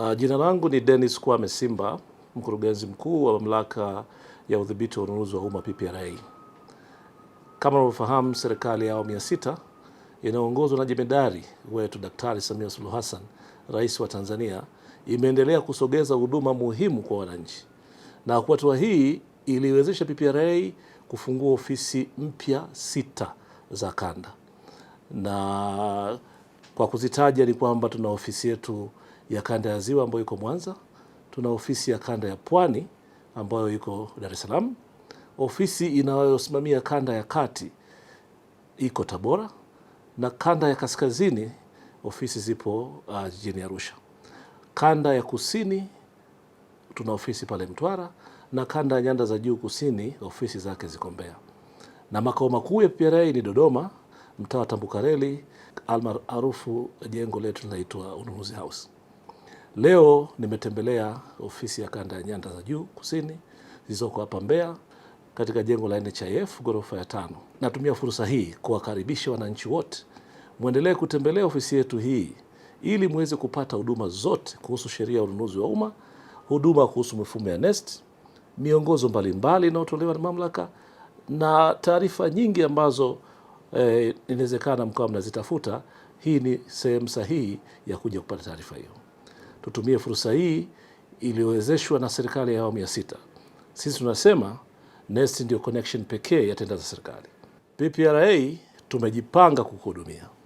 Uh, jina langu ni Dennis Kwame Simba, mkurugenzi mkuu wa mamlaka ya udhibiti wa ununuzi wa umma PPRA. Kama unavyofahamu, serikali ya awamu ya sita inayoongozwa na jemedari wetu Daktari Samia Suluhu Hassan, rais wa Tanzania, imeendelea kusogeza huduma muhimu kwa wananchi, na kwa hatua hii iliwezesha PPRA kufungua ofisi mpya sita za kanda, na kwa kuzitaja ni kwamba tuna ofisi yetu ya kanda ya Ziwa ambayo iko Mwanza, tuna ofisi ya kanda ya Pwani ambayo iko Dar es Salaam, ofisi inayosimamia kanda ya Kati iko Tabora, na kanda ya Kaskazini ofisi zipo uh, jijini Arusha. Kanda ya Kusini tuna ofisi pale Mtwara, na kanda ya Nyanda za Juu Kusini ofisi zake ziko Mbeya, na makao makuu ya PRA ni Dodoma, mtaa wa Tambukareli almaarufu jengo letu linaitwa Ununuzi House. Leo nimetembelea ofisi ya kanda ya nyanda za juu kusini zilizoko hapa Mbeya katika jengo la NHIF ghorofa ya tano. Natumia fursa hii kuwakaribisha wananchi wote mwendelee kutembelea ofisi yetu hii ili mweze kupata huduma zote kuhusu sheria ya ununuzi wa umma, huduma kuhusu mifumo ya NeST, miongozo mbalimbali inayotolewa na mamlaka na taarifa nyingi ambazo eh, inawezekana mkawa mnazitafuta. Hii ni sehemu sahihi ya kuja kupata taarifa hiyo tutumie fursa hii iliyowezeshwa na serikali ya awamu ya sita. Sisi tunasema NeST ndio connection pekee ya tenda za serikali. PPRA tumejipanga kukuhudumia.